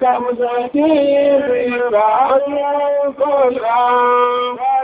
Kàmùsàkí ìrìnà ayé kọ́lá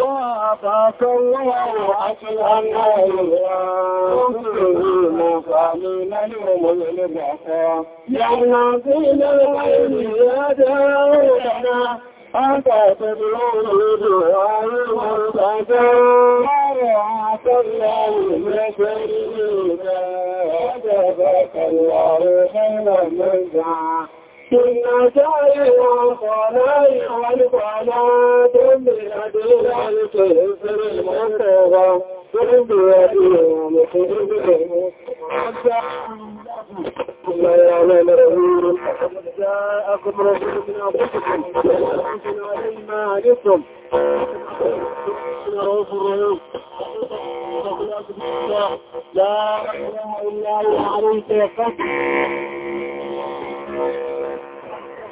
فتولوا عن الأمر يا الذين الغيب يا داودنا أنت تدعون بدعاء المرتدى مرعاك الله من شريكا وجزاك الله خيرا من دعاء جاءكم رسول من أنفسكم لا إله إلا هو عليه توكلت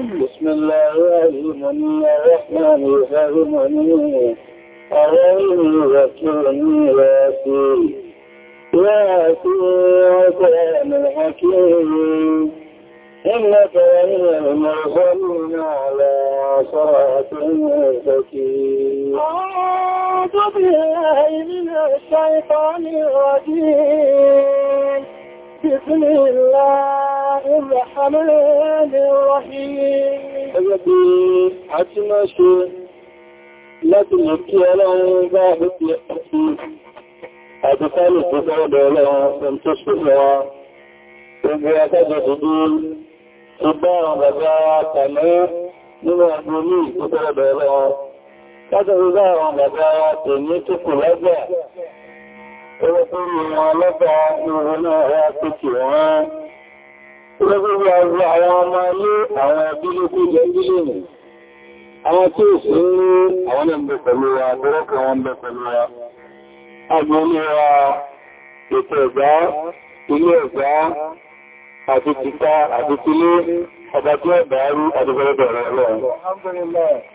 بسم الله الرحمن الرحيم أرأيني ذكرني واسي واسي وكان الحكيم إنك وهي المرسلين على صراط مستقيم أعوذ بالله من الشيطان الرجيم بسم الله الرحمن الرحيم ẹgbẹ́gbẹ́ àti máa ṣe láti lè kí ọlọ́run bá àbúkí àti àdúkálù tó sọ́rọ̀dọ̀ ọlọ́run tó ṣúlọ́wà gbogbo akájọ dúdú tó bá àwọn bàbá tàmí nínú àgbò ní ìtọ́sọ́rọ̀dọ̀ ọlọ́run owó àwọn ọmọ ilé àwọn ẹbí ló àwọn ẹgbẹ́ pẹ̀lú wa lọ́rọ́kọ̀ wọn bẹ pẹ̀lú wa agbóníra ètò ẹ̀gbá ilé ẹ̀gbá àti tìta àti tilé ọba tí ọba rú adúgbẹ́rẹ́ bẹ̀rẹ̀ ọlọ́run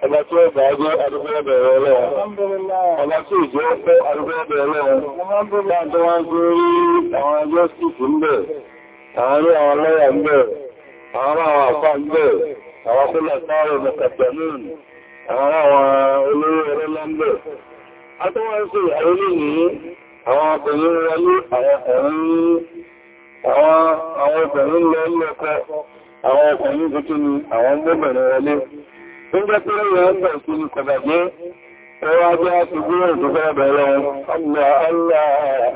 ọba tí ọba ajé adúgbẹ́rẹ́ bẹ̀rẹ̀ ọlọ́run ọba tí ìjọ ọpẹ́ adúgbẹ́rẹ́ bẹ̀rẹ̀ ọlọ́run láàrín wọ́n gbé rí àwọn ẹjọ́ síkù ń bẹ̀ àwọn rí àwọn lọ́yà ń bẹ̀ àwọn àwọn àpá ń bẹ̀ àwọn kólà sáàrọ̀ mẹ́tàgbẹ̀mún àwọn àwọn olówó ẹlẹ́lá ń àwọn ọkùnrin tuntun ni àwọn mọ́bẹ̀rẹ̀ wọlé tó jẹ́ pé rẹ̀ ń bẹ̀ sí ní kọ̀bàjẹ́ ẹwà jẹ́ àtìgbìyàn tó fẹ́ bẹ̀rẹ̀ Allah Allah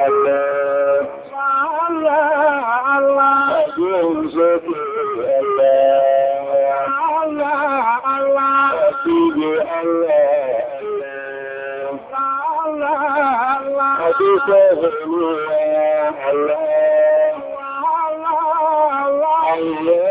Allah Allah Allah Allah Allah Allah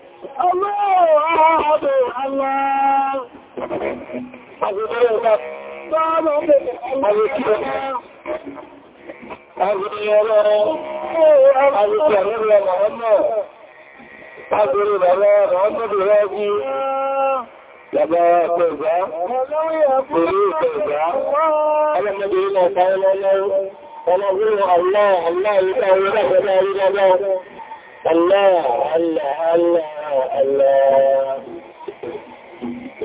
Ọlọ́run Allah, Allah, ìta orí láti ọlọ́run lọ́wọ́. الله الله الله الله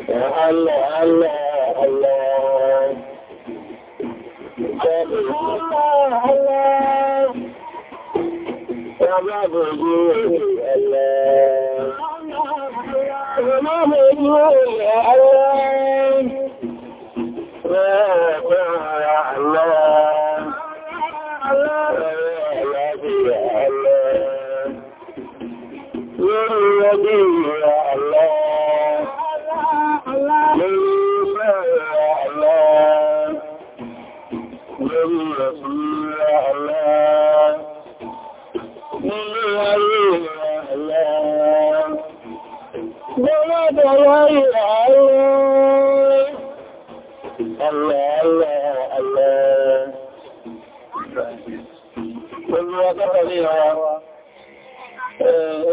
يا الله الله الله الله الله يا بابا الله يا ماما الله الله الله الله lórí ọdún ìrọ̀ àlọ́ lórí fẹ́rẹ̀ àlọ́ lórí ẹ̀sùnrẹ̀ àlọ́ nílé ayé àlọ́ gbọ́lọ́dọ̀ láyé àlọ́ àlọ́ àlọ́ àlọ́ Pẹ̀lú ọgọ́ta ní ọwọ́. Ẹni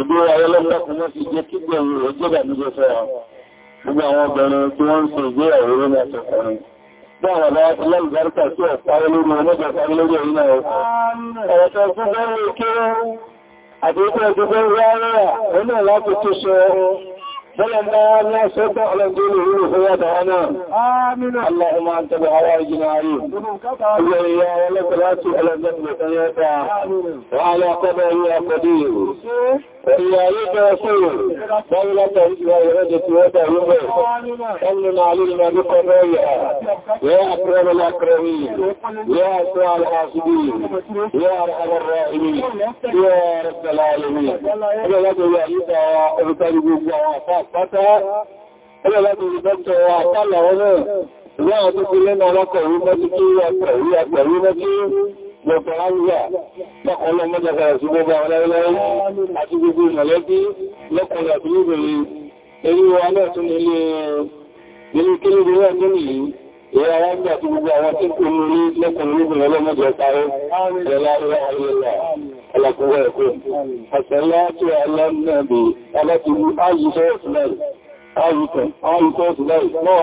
ìdúró ayọ́lọ́gbọ́kùn wọ́n ti jẹ́ kígbẹ̀ ìrò jẹ́gbà nígbẹ́ fẹ́ra gbogbo àwọn obìnrin tí wọ́n ń ṣe ìgbéyàwó lórí àtọkùnrin bí àwọn àbáyá ti lẹ́yìn gbárùkà tí ọ̀ parí lórí ọlọ́gbà parí lórí ẹ̀yìn náà ọkọ̀ ọ̀rọ̀ tó fún bẹ́rẹ̀ kéré àdékù ẹ̀dẹ́ bẹ́rẹ̀ rárá òun náà láti tó sọ بلن لا يسد على الدين هو دعانا آمين اللهم أنت بحوائجنا عليم يا ولك لا تسأل الجنة يا وعلى قضاء يا قدير صلنا علينا بقضائها يا أكرم الأكرمين يا أسرع الحاسدين يا أرحم الراحمين يا رب العالمين أنا لدي يعيدا وأبتلقوا جوافات فتاة أنا لدي بنت وأطلع هنا لا أدخل لنا لك هنا تكي وأطلع هنا lọ́pọ̀ áwúyà lọ́kọ̀ ọlọ́mọdé kọ̀rọ̀ sí gbogbo àwọn ẹlẹ́rẹ́ àti gbogbo ìmọ̀lẹ́bí lọ́kọ̀ọ̀lọ́ àti lóbìnrin eré wa náà tún nílé ilé kílódé náà tó nìyí ìyá wọn gbà tí gbogbo àwọn tí kò ní lẹ́kùnrin lóbìnrin ọlọ́mọdé parẹ́ ẹ̀láwọ̀ ayẹyẹ ọlọ́kùnrin ẹ̀kọ́ àṣẹlá tí alámọ̀bì aláti ayíṣẹ́ ìsìlẹ̀ ayíkọ̀ ayíkọ̀ ìsìlẹ̀ náà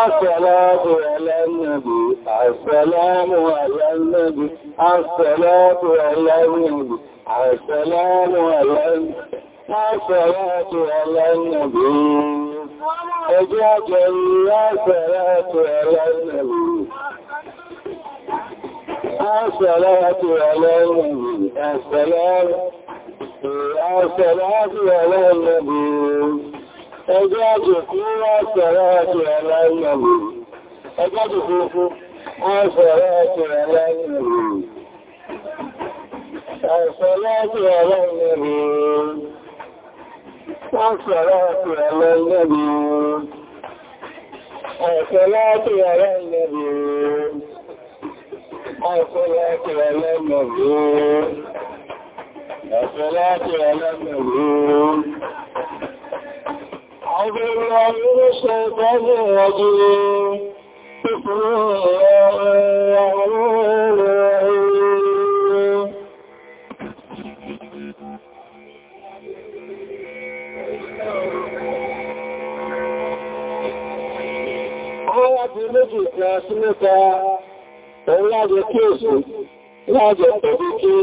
Àṣẹ́lẹ́bù ẹlẹ́rìnàbì, àṣẹ́lẹ́bù ẹlẹ́rìnàbì, àṣẹ́lẹ́bù ẹlẹ́rìnàbì, àṣẹ́lẹ́bù ẹlẹ́rìnàbì, àṣẹ́lẹ́bù ẹlẹ́rìnàbì. Ẹjọ́ àjẹ́ àṣẹ́lẹ́bù ẹlẹ́rìnàbì. Àṣẹ́lẹ́bù ẹlẹ́rìnàbì, àṣẹ́lẹ́bù ẹlẹ́rìnàbì ẹgbẹ́ àjòkú wọ́n sọ̀rọ̀ ẹ̀tọ̀ ẹ̀láìyàwó ẹgbẹ́ àjòkú wọ́n sọ̀rọ̀ ẹ̀tọ̀ ẹ̀láìyàwó ẹ̀sọ̀rọ̀ ẹ̀tọ̀ ẹ̀láìyàwó wọ́n sọ̀rọ̀ ẹ̀tọ̀ ẹ̀láìyàwó ẹ̀sọ̀rọ̀ ẹ̀tọ̀ ẹ̀láìyàwó ọ̀sọ̀rọ̀ ẹ̀tọ̀ ẹ̀láìyàwó ẹ̀sọ̀rọ̀ ẹ̀tọ̀ ẹ̀láìyàwó أعوذ بالله من الشيطان الرجيم بسم الله الرحمن الرحيم Ọwọ́dí méjì ti a sí mẹ́ta, òun láàjẹ kí èsù, láàjẹ pẹ̀lú kí,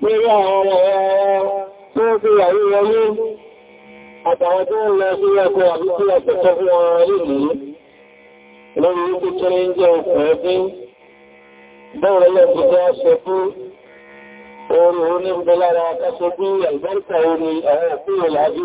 pẹ̀lú àwọn ọ̀rọ̀ tí ó gbé àríwọlé àtàwọn tó ń lọ sí ẹ̀kọ́ àbí tí a tẹ̀tọ́ fún wọn lèlú lórí wípé tó ń jẹ́ ọkùn ẹbí bẹ́ẹ̀rẹ̀ lẹ́gbẹ̀ tó ṣe fún orí onígbẹ̀ lára akáṣọ bí àlùbáríkà orí àwọn òkú ìlà bí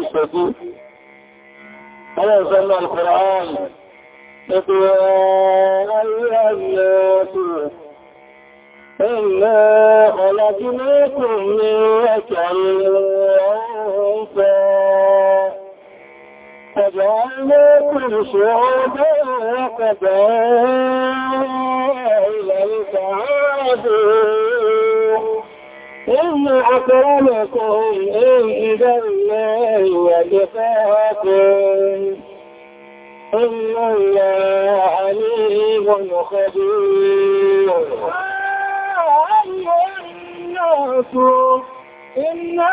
فجعلناكم شعوبا وقبائل لتعارفوا إن أكرمكم عند الله واتقاكم إن الله عليم خبير أيها الناس Iná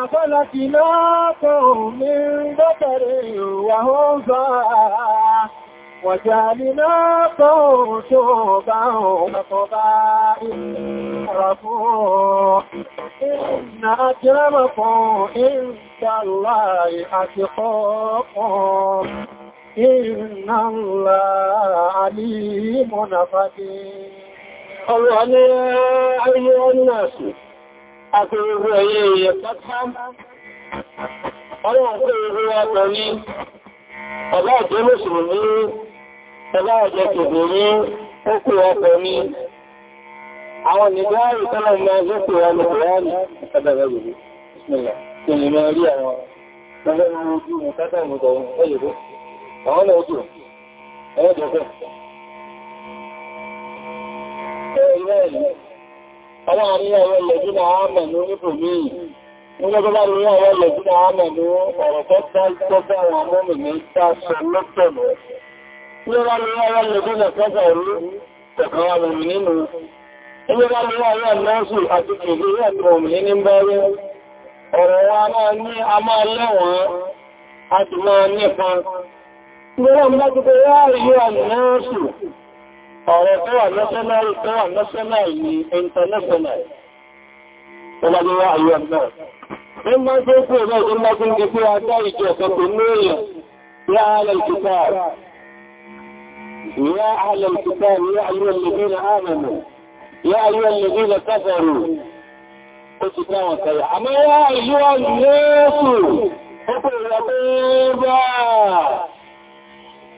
àfọ́láti lọ́pọ̀ mi bọ́tẹ̀rẹ̀ wà ó ń bá wàjá ní lọ́pọ̀ tó bá ọ̀pọ̀ bá ìrọ̀fún. Iná àjẹ́rẹ́mọ̀fún ìgbàlá àti ọ̀pọ̀. Iná ńlá àlímọ̀nà fàdé. Ọlọ́ àti gbogbo ẹ̀yẹ ìyẹ̀ pátá ọlọ́run Ọlọ́run àwọn ẹlẹ́jú náà àmà ní oníbòmí. Nígbẹ́ tó bá rí àwọn ẹlẹ́jú náà àmà ní ọ̀rọ̀ tó bá ìtọ́gbà àwọn mọ́mì ní ìtàṣẹ lọ́tọ̀lọ́. Nígbẹ́ bá rí àwọn ẹlẹ́jú náà tọ́gbà orí tẹ̀kọ́ àwọn mọ́mì nínú. Nígbẹ́ bá rí àwọn ẹlẹ́jú àti kèlú rẹ̀ mọ́mì ní bẹ́rẹ̀. Ọ̀rọ̀ wa máa ní a máa lẹ́wọ̀n a ti máa nípa. Nígbẹ́ bá rí àwọn ẹlẹ́jú ọ̀rọ̀ tó wà national tó wà national ni international ọmọdé wá ayé ọ̀nà ní máa tó kú ẹ̀rọ ìdí máa tó ń gbé pé ajá ìjọ ọ̀pọ̀ lóòyàn ya ala al-kitab ya ala al-kitab ya ayyuhal ladhina amanu ya ayyuhal ladhina kafaru ó ti dáwọn kẹrẹ àmọ́ ya ayyuhan nasu ó pè rẹ̀ pé bá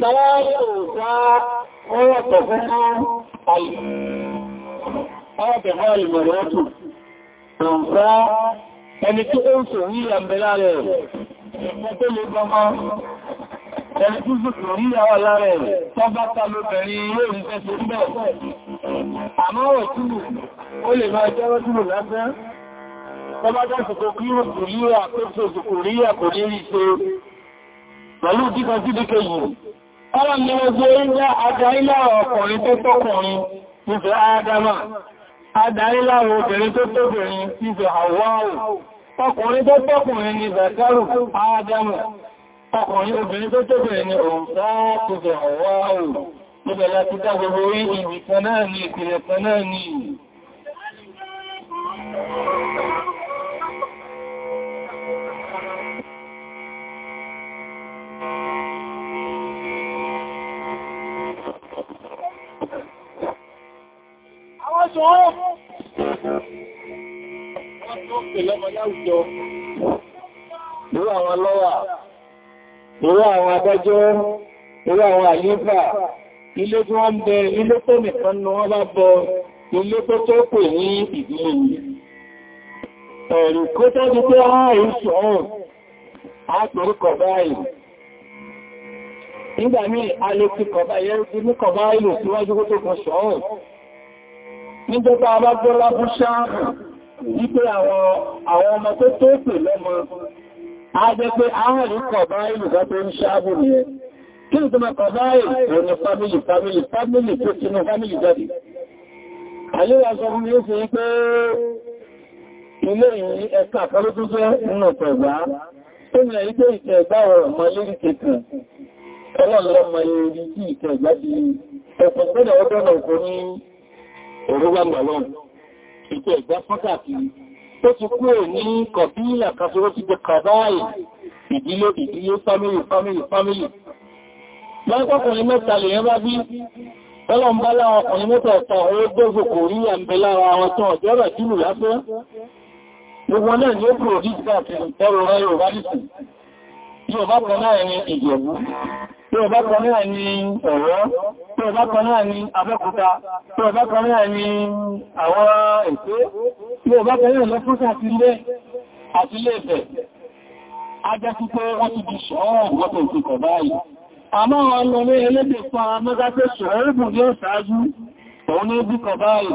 Ẹni tí ó ń sọ ní àmìlá rẹ̀, ẹ̀kọ́ tó lè gbọmọ́, ẹni tí ó sọ ní àwọn alárẹ̀ rẹ̀, tó bá ta lóbẹ̀rin ilé ìfẹ́ sí bẹ̀. Àmọ́ ọ̀ túnbù, ó lè máa jẹ́ rọ́túnbù lásán, tó bá jẹ́ sọ pẹ̀lú díkan sí díkẹ̀ yìí, ọlọ́run ni gbogbo ẹ̀yà adárílà ọkùnrin tó tọ́kùnrin nífẹ̀ ádámà adárílà obìnrin tó tóbìnrin nífẹ̀ àwọ́wò ọkùnrin tó tọ́kùnrin ni zakaru ádámà ọkùnrin obìnrin tó tóbìnrin ni òǹsá nífẹ̀ àwọ́wò níbẹ̀ láti dá gbogbo orí ìbìkan náà ni ìpìlẹ̀ kan náà ni pè àwọn lọ́wà irú àwọn adájọ́ irú àwọn àlífà ilé tí wọ́n bẹ ilé tó nìkan ní wọ́n bá bọ ilé tó tó pè ní ìdílé ẹ̀rù kó tó ti pé ààrùn sọ̀rùn àpẹẹrẹ kọ̀bá ìlú nígbà míì a lè fi kọ̀bá wípé àwọn ọmọ tó tó pè lọ́mọ a jẹ́ pé àwọn ìlú kọ̀bá ìlú bá tó ń ṣáàbù ní ẹ kí ní tó máa kọ̀bá ìlú ní fámílì fámílì fámílì tó ti ní fámílì jáde àyíwá sọ fún mi ó fi pé ilé ìrìn ẹ̀ka àkọ́lọ́ tó jẹ́ nínú pẹ̀gbá tó ní ẹ̀rí pé ìtẹ̀gbá ọ̀rọ̀ mọ́ lérí kẹkàn ọlọ́lọ́ mọ́ lérí tí ìtẹ̀gbá di ẹ̀kùn gbọ́dọ̀ ọdọ́ náà ní òrùgbàgbà lọ́nà ètò ẹ̀gbá pàtàkì tó ti kúrò ní kọ̀bílà kásòrò ti jẹ kàbáyì ìdílé ìdílé fámílì fámílì fámílì lọ́pọ̀kùnrin mẹ́ta lè yẹn bá bí ọlọ́n bá láwọn ọkùnrin mẹ́ta ọ̀ta ọ̀rọ̀ gbóògbò kò rí àmì lára àwọn tán ọ̀jọ́rọ̀ jùlù lásán gbogbo náà ni ó kúrò dígbà tẹ̀rọ rẹ̀ yorùbá nìsìn yorùbá kan náà ẹni ìjẹ̀bú tí ọba kan náà ni ọ̀rọ̀, tí ọba kan náà ni abẹ́kúta, tí ọba kan náà ni àwọn ètò, tí ọba kan náà lọ́fúnsà ti lé àti ilé ìfẹ̀. Ajá ti pé wọ́n ti di ṣọ́ọ̀ wọ́pẹ̀ ìpìkọ̀ báyìí. Àmọ́ wọn lọ ní ẹlẹ́dẹ̀ pa mẹ́gáfẹ́ ṣọ̀rẹ́bù ní ọ̀sáájú, òun ní bíkọ̀ báyìí.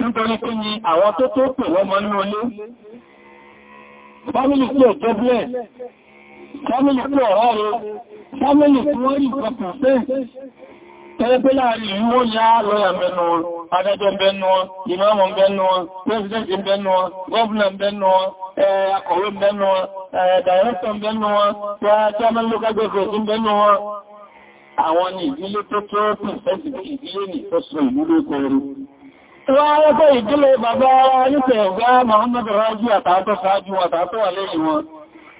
Nítorí pé ni àwọn tó tó pè wọ́n mọ́ nínú ilé. Fámílì tí ò jẹ́ bẹ́ẹ̀, fámílì tí ọ̀rọ̀ rẹ̀, fámílì tí wọ́n rí ìpapọ̀ pé tẹ́lẹ́pẹ́ láàrin ìlú wọ́n yá lọ́yà mẹ́nu wọn adájọ́ mẹ́nu wọn ìmọ́mọ̀ mẹ́nu wọn pẹ́sidẹ́ntì mẹ́nu wọn gọ́ọ̀bùnà mẹ́nu wọn akọ̀wé mẹ́nu wọn dàírẹ́tọ̀ mẹ́nu wọn chairman local government mẹ́nu wọn àwọn ni ìdílé tó tó pẹ̀sẹ̀ntì ìdílé ní ọ̀sọ̀ ìmúlò kọrù Wọ́n á rẹ́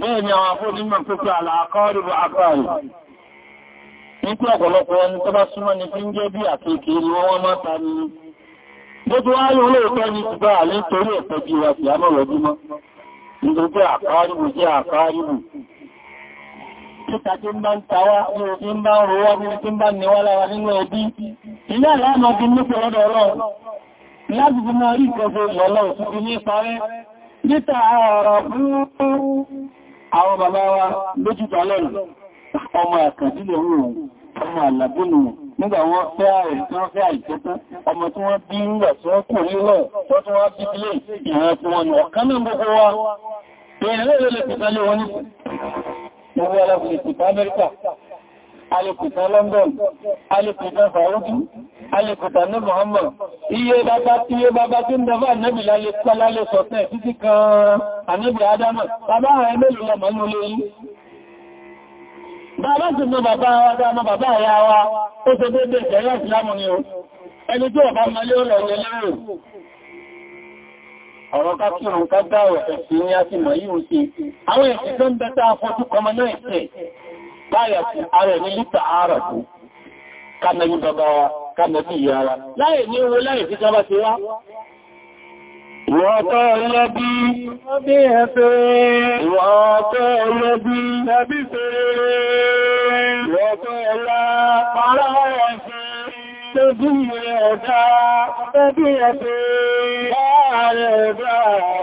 bẹ́ẹ̀ ni àwọn afọ́dúnmọ̀ pípẹ́ àlàkọ́rù àpáàrù nípa ọ̀pọ̀lọpọ̀ ẹni tó bá súnmọ́ ni fi ń jẹ́ bí àkèkè ni wọ́n máa ta gbogbo ayé olóòtọ́ ni ti bá àlé torí bí sí amọ́rọ̀dúnmọ́ jẹ́ láti fi rí ìlọ́lọ́ òfin ní parẹ́ ààrà àwọn baba wa lójúta lọ́nà ọmọ àkàndínlẹ̀ òun ọmọ àlàbónú nígbà wọ́n fẹ́ tí wọ́n fẹ́ àìkẹta ọmọ tí wọ́n bí ń rẹ̀ tí wọ́n kò rí lọ tí wọ́n bí tí wọ́n ní ọ̀kan náà gbogbo wa èèyàn lè wọn ní alìkùtà London alìkùtà faruku alìkùtà ní Muhammad iye bàbá tí iye bàbá tí ń dọ́bà nẹ́bì lálẹ́ sọ̀tẹ́ títí kan ànẹ́bì adama bàbá rẹ̀ mẹ́lú lọ mọ́nú lórí bàbá sì mọ́ bàbá wa dáma bàbá àyà wa ó ṣe dédé ìṣẹ̀lẹ̀ ìsìlámù ni ó ẹni tí ọ̀bá mọ́lé ó lọ ní lérò ọ̀rọ̀ ká kí òun ká dáwọ̀ ẹ̀sìn ní á ti mọ̀ yíò sí àwọn ẹ̀sìn tó ń bẹ́ta afọ́túkọmọ náà ìṣẹ̀ táyà sí ara ẹni lítà ara kú kánàbí bàbá wa kánàbí ìyá wa láyé ní owó láyé sí sábà ti wá Ìwọ̀tọ́ ọlọ́bí, ọbí ẹ̀fẹ́, ìwọ̀tọ́ ọlọ́bí, ẹbí fẹ́, ìwọ̀tọ́ ọlá, pàrọ̀ ọ̀rọ̀ Tẹ́bí ẹ̀dá, tẹ́bí ẹ̀fẹ́, ààrẹ ẹ̀dá,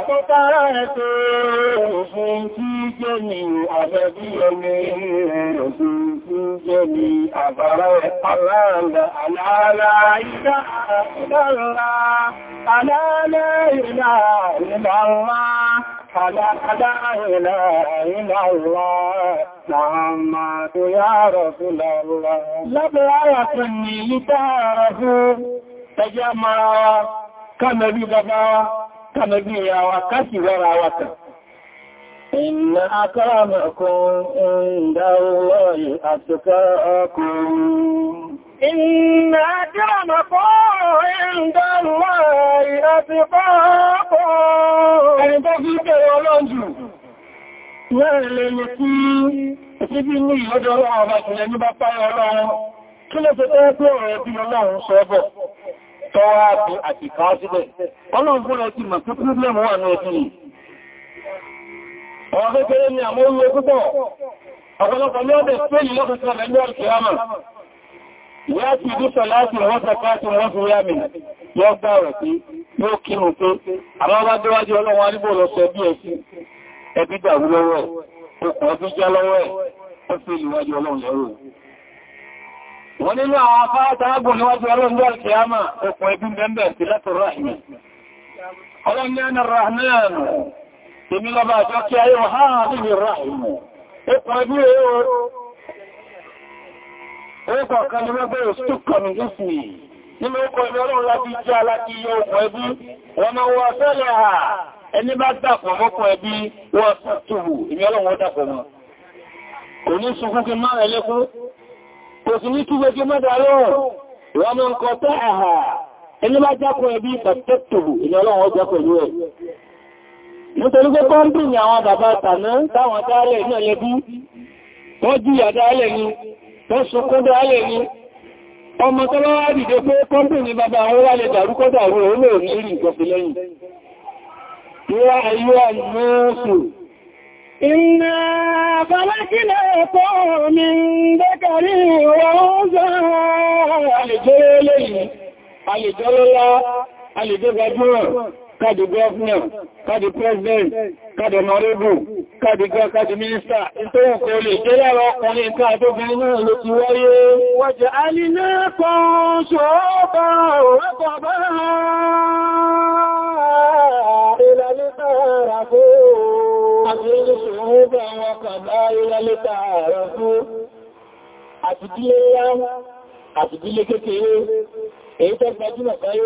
tó tààrà ẹ̀fẹ́, òfin tí jẹ́ ni àbẹ̀bí ẹni òfin tí jẹ́ ni àbára aláàlá aláàlá ìdá àdáàlá aláàlá ìlà ìlà Ẹjẹ́ mara wa, kánàbí bàbá wa, kánàbí ìyá wa, káṣì wẹ́ra wa tàn. Inna akramakum inda Allahi atqakum. إن أكرمكم عند الله أتقاكم ẹni tó fi bẹ̀rẹ̀ ọlọ́jù wẹ́rẹ̀ lẹ́yẹ tí síbí ní ìyọ́dọ̀ ọlọ́run bá ti lẹ́ni bá páyẹ ọlọ́run kí ló fẹ́ pẹ́ ọ̀rẹ́ bí ọlọ́run sọ́bọ̀ tọ́wà bí àti kàá síbẹ̀ ọlọ́run fún ẹ ti mọ̀ pé ní ẹbí ọ̀rọ̀ kékeré ni àmórí ẹgbẹ́ púpọ̀ wọ́n fi dúsọ láti wọ́n sàkáàtì wọ́n fi rí wọ́n gbá rẹ̀ pé yóò kírun pé àwọn bá déwájú ọlọ́run arígbò lọ sọ bí ẹ̀sí ẹbí dàrú lọ́wọ́ ẹ̀ okùn ẹbí já lọ́wọ́ ẹ̀ ó fi ìwájú ọlọ́run lẹ́rù wọ́n nínú àwọn afárátàrágùn níwájú ọlọ́run lọ́rùn kìámà okùn ẹbí mẹ́mbẹ̀ sí látọ̀rọ̀ àìyàn ọlọ́run ní ẹ̀nà rahman èmi lọ́ba àjọ kí ayé wọ́n hàn orúkọ kan ni wọ́n gbẹ̀rẹ̀ stókọ̀mì ìsìnì nínú orúkọ ìlú ọlọ́run láti jẹ́ aláti iye ogun ẹbí wọn náà wọ́n fẹ́lẹ̀ ha ẹni bá dàpọ̀ mọ́kọ̀ ẹbí wọ́n tùbù ìní ọlọ́run dàpọ̀ mọ́ kò ní sunkún kí máa ẹlẹ́kún kò sí ní kíwé kí mọ́dà lọ́rùn wọn náà kọ tẹ́ ẹ̀ wọ́n sunkún dálẹ̀ ní ọmọ tọ́lọ́wà dìde pé kọ́mpì ní bàbá àwọn wà lè dàrúkọ́ dàrú olóòrùn ní nǹkan fi lẹ́yìn ìwà ayé àmúṣù iná fàlákílẹ̀ ẹ̀kọ́ mi dẹ́kàrí wọ́n káàdì gọ́ọ̀fúnà káàdì president káàdì mọ̀rébù káàdì káàdì mínísítà tó ń kò lè jẹ́ lára ọkùnrin káà tó fi náà ló ti wáyé wàjẹ́ alìlé kan ṣọ́ọ́bà òwẹ́kọ̀ àti dílé yá àti dílé kékeré èyí tó báyé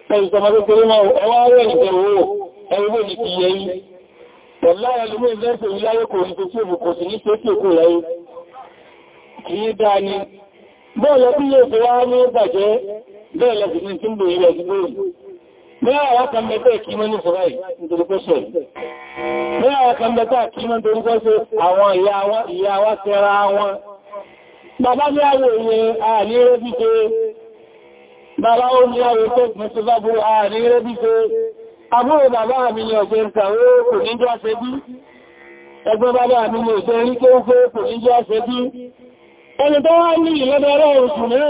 Bọ́ọ̀lọ́ bí yóò fi wá ní ìbàjẹ́ bẹ́ẹ̀lọ́ sí ní túnbò ilẹ̀ ìgbò ìlú. Bẹ́ẹ̀ àwọn kan bẹ̀tẹ̀ kí mọ́ ní Ṣọ́ráì nítorí pẹ́ṣẹ̀. Bẹ́ẹ̀ àwọn kan bẹ̀tẹ̀ kí mọ́ nítorí pẹ́ṣẹ̀ àwọn ìyá wa tẹ́ra wọn. Bàbá ní àwọn èèyàn àní rẹ́ bàbá ó ní ọ̀rọ̀ tó pín sí bá bú rẹ̀ bí àbúrò bàbá ni ọ̀gbẹ̀ ìkàwé kò ní jọ ṣe bí ẹgbẹ́ bàbá mi ni ìṣẹ́ rí pé kò ní jọ ṣe bí ẹni tó wá ní ìlọ́bẹ̀rẹ̀ oṣù náà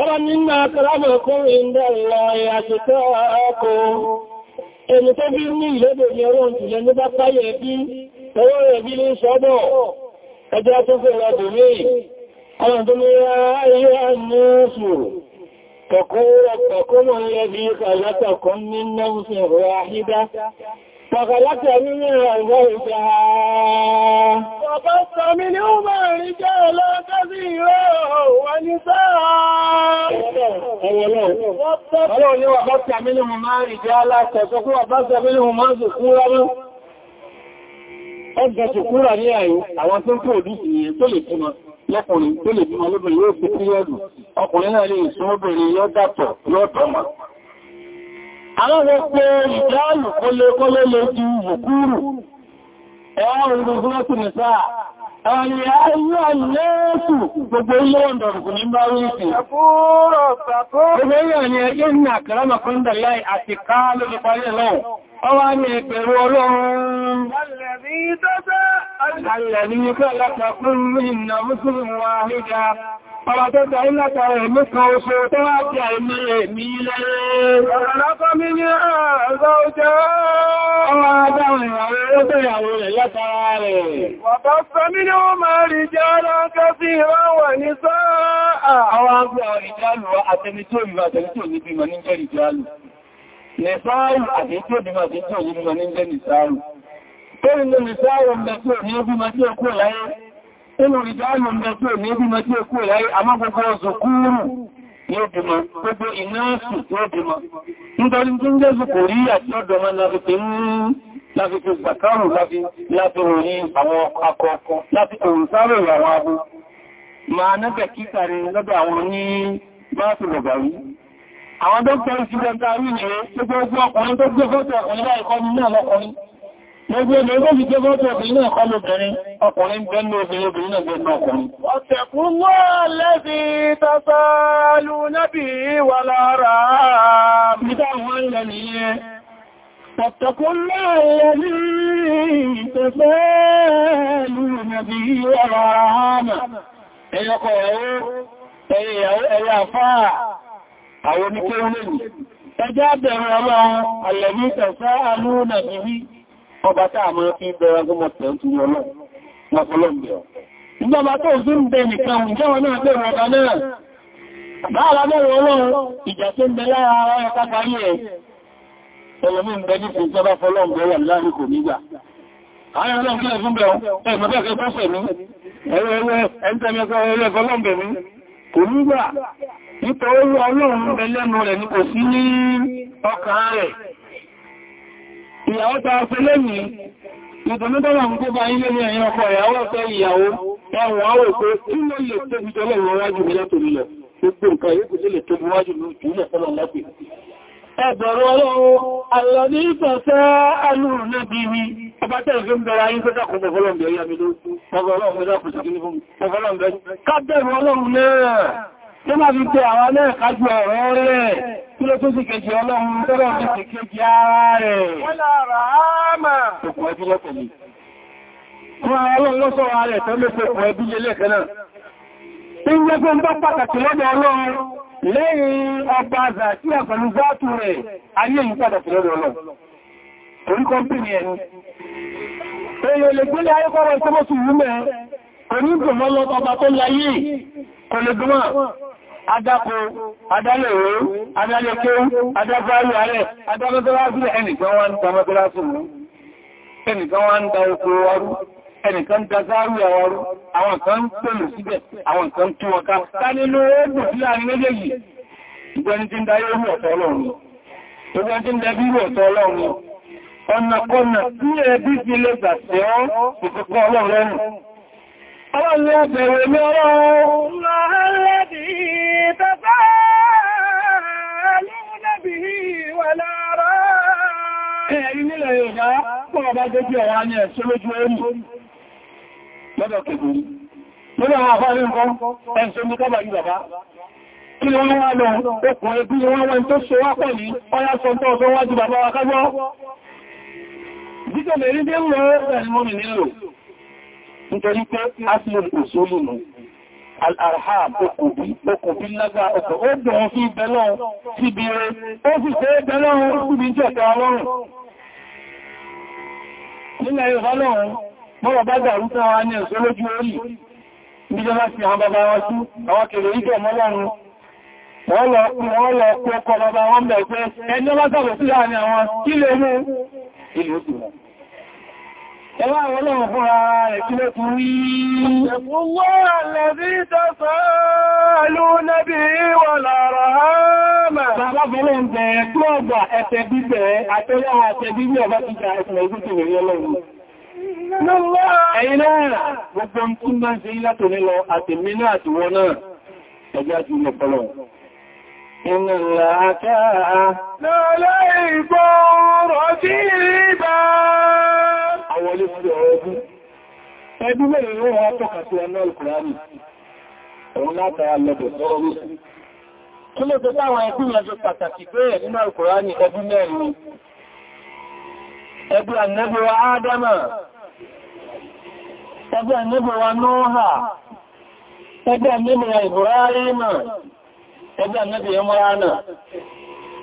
ọba nínú akọlámọ̀kún ìndẹ̀ lọ ìyàṣẹ́tọ́ ọkọ̀ ẹni tó bí ní ìlébò ní ọlọ́run jùlọ ní bá páyẹ̀ bí ọwọ́ rẹ̀ bí ní sọ́bọ̀ ẹjọ́ tó fẹ́ ọdọ̀mí ọlọ́run tó ní فغلت منها زوجها وبث منهما رجالا كثيرا ونساء Ọlọ́run ni wà máa rí jẹ́ aláṣẹ́sọ́ fún wà bá ti àmìlì mọ̀ máa ní àyí, àwọn tó ń kò dí ìyẹn tó lè túnmọ lọ́kùnrin tó lè túnmọ lóbìnrin yóò fi píríọ̀dù. Ọkùnrin náà lè ìṣúnmọ́bìnrin yóò dàtọ̀ yóò tọ́mọ̀. àwọn ọ̀pọ̀ ìdáàlù kọlẹ́kọlẹ́ lè ju ìyòkúrù ẹ̀wọ̀n ìrùgbọ́tù nìsá ẹ̀rìn ayé àlẹ́ẹ̀sù gbogbo ilé ọ̀dọ̀rùkù ní bá rí sí ni ẹgbẹ́ ní àkàrámà kọ́ndà láì àti káàlù níparí lọ́wọ́ ọwá ní ẹgbẹ̀rún ọlọ́run alẹ́bí Ọba tó ta ìlàtàrà ẹ̀mí kan oṣù tó wá bí àìmí ẹ̀mí lẹ́rẹ́. Ọ̀rọ̀ lọ́kọ́ mi ní ààzọ́ òjò. Ọwọ́ adáwọn ìràwọ̀ ẹ̀rẹ́ tó ó ní sáà. Àwọn ní jẹ́ ìjálù. Nìsáàrù àti tí ó bímọ àti tí ò ní bímọ ní jẹ́ nìsáàrù. Tó ìlú nìsáàrù ń tí ò ní ó bímọ tí ó kú láyé inú ìjọ àmà mẹ́gbẹ́ ní ẹbí mẹ́tí ẹkú ẹ̀láyé amágbogbo zùkúrù yóò dìmọ̀ gbogbo ìnáàsù yóò dìmọ̀ nítorí tí ń jẹ́ zùkú rí àti ọdọ̀mọ láti fi gbàkárù láti ròyìn àwọn akọ láti òun sáré àwọn abu máa nẹ́bẹ̀ kíkàrí lọ́dọ̀ àwọn ní báàtù lọ̀gbàrí àwọn dókítà ìṣúgbẹ́ta rí ní gbogbo ọkùnrin tó gbé fọ́tọ̀ ọkùnrin láìkọ́ nínú ọlọ́kùnrin Gbogbo ẹgbẹ̀ ló fi jẹ́ gọ́ọ̀tọ̀ obìnrin náà kọ́ lóbìnrin, ọkùnrin gbẹ́nu obìnrin obìnrin náà gbẹ́nu ọkùnrin. Ọ̀tẹ̀kún mọ́ lẹ́bí tọ́sọ́lú nábì wà lára. الله الذي تسالون به والارحام ẹ̀yọkọ̀ ẹ̀yà fáà àwọn oníkẹ́ olóòrùn ẹjá bẹ̀rẹ̀ ọlọ́run àlẹ̀mí tẹ̀sá alúnà ìrí ọba táà mọ́ fi bẹ̀rẹ̀ gúnmọ̀ tẹ̀ ń tún ọlọ́ lọ́pọ̀lọ́m̀bẹ̀ ìjọba tó ń ń bẹ nìkan ìjọba náà bẹ̀rẹ̀ ọba náà báàlá bẹ̀rẹ̀ ọlọ́run ìjà tó ń bẹ lára ara ẹ̀ká parí ẹ̀ ẹlẹ́mí ń bẹ ní fún ìjọba fọlọ́m̀bẹ̀ wà láàrin kò nígbà Àwọn ọlọ́run kí lè fún bẹ̀rún, ẹ̀mọ̀ bẹ́ẹ̀ kẹ́ fọ́sẹ̀ mú, ẹ̀rọ ẹ̀rọ ẹ̀ntẹ́mẹ́kọ́ ẹ̀rọ ẹ̀fọ́lọ́m̀bẹ̀ mú, kò nígbà, nípa orú ọlọ́run bẹ lẹ́nu rẹ̀ ní kò sí ní ọkàn rẹ̀, ìyàwó ta fẹ́ lẹ́yìn ìdùnnúdọ́nà ń kó bá ilé ní ẹ̀yìn ọkọ ìyàwó ọ̀fẹ́ ìyàwó ẹwọ̀n àwọ̀ pé kí ló lè tó fi tọ́lọ̀ ìwọ̀wájú mi látò nílẹ̀ gbogbo nǹkan yóò kò lè tó wájú mi jùlẹ̀ fọ́lọ̀ lápẹ̀ ẹ̀bọ̀rọ̀ ọlọ́run alọ́ní ìfẹ̀ẹ́sẹ́ alúrùn náà bí mi ọba tẹ́lẹ̀ fi ń bẹ̀rẹ̀ ayé fẹ́ sàkùnbọ̀ fọ́lọ̀ ń bẹ̀rẹ̀ yà mi ló tó máa fi pé àwọn náà kájú ọ̀rọ̀ rẹ̀ kí ló tó sì kejì ọlọ́run tọ́rọ fi sì kejì ara rẹ̀ wọ́n lára ámà òkú ẹbí lọ́tẹ̀lẹ̀ wọ́n àwọn ọlọ́run lọ́sọ̀rọ̀ rẹ̀ tọ́lé pẹ̀kọ̀ ẹbí lẹ́lẹ́kẹ́ náà tí ń jẹ́ pé a pẹ̀lú záàtù rẹ̀ ayé yìí pàtàkì lọ́dọ̀ ọlọ́run orí kọ́mpìnì ẹni èèyàn lè gbélé ayé kọ́rọ̀ ìsọ́mọ́sù rúmẹ́ onígbòmọ́lọ́tọba tó láyé kọlùgbọ́n adáko adálẹ̀wé adálẹ́kẹ́ adágbárí alẹ́ adámọ́tọ́lásí ẹnìkan wá ń ta mọ́tọ́lásí mú ẹnìkan wá ń da oko ọrú ẹnìkan da sáàrù ọrú àwọn kan ń pẹ̀lú síbẹ̀ àwọn kan tó ọká tánilú ẹgbùn sí àrin méjèèjì ìgbẹni tí ń da yóò ọ̀tọ̀ ọlọ́run ọ̀nà kọ́nà tí ẹbí Ọlọ́run ló bẹ̀rẹ̀ mi ọlọ́run. Lọ́lẹ́bí tẹ́fà lóúnẹ́bí Kí wọ́n wá lọ, okùn ẹbí wọ́n wọ́n tó ṣe wá pọ̀ ní, ọlá sọ tó ọ̀tọ́ wájú bàbá wa kágbọ́. Jíkọ̀ mẹ́rin dé ń lọ ẹ̀rìn mọ́mì nílò nítorí pé asìlò òṣòlù nù al'arham okùnbí okùnbí lágbà ọkọ̀ ó dùn fi bẹ̀lọ́ sí bí ó sì fẹ́ bẹ̀lọ́ orúkùnbí jẹ́ta ọlọ́run nílẹ̀ ìrọ̀lọ́run mọ́rọ̀ bá dàrú tán Ẹwà ọlọ́run fún ara rẹ̀ kí ló tún rí. Ẹ̀fúnwọ́ àlẹ́bí tọ́sọ́ alú nẹ́bí wà lára àmà. Bàbá fẹ́lẹ̀ ń bẹ̀ẹ̀ tí ó gbà ẹ̀tẹ̀ bíbẹ̀ àtẹ́yà àtẹ́ bíbẹ̀ ọba ti jà ẹ̀sìn ẹ̀sìn ìrìn ọlọ́run. Ẹ̀yìn náà, gbogbo ń tún máa ń ṣe ilá tòní lọ àtẹ̀mí náà àti wọ náà, ẹjá jù lọ pọ̀lọ̀. Iná làákàá. Lọ́lẹ́ ìgbọ́ ọ̀rọ̀ sí ìbáà wọlé sí ọ̀rọ̀ ọdún ẹbí mẹ́rin ni wọ́n tọ́ka sí ẹnà ìkùránì òun látara lọ́bẹ̀ sọ́rọ̀ lóṣù kí ló tó táwọn ẹbí ìrìnàjò pàtàkì bẹ́ẹ̀ nínú ìkùránì ẹbí mẹ́rin ẹbí ànẹ́bíwa ádámà ẹbí ànẹ́bíwa nóhà ẹbí ànẹ́bíwa ìbúrárímà ẹbí ànẹ́bíwa mọ́ránà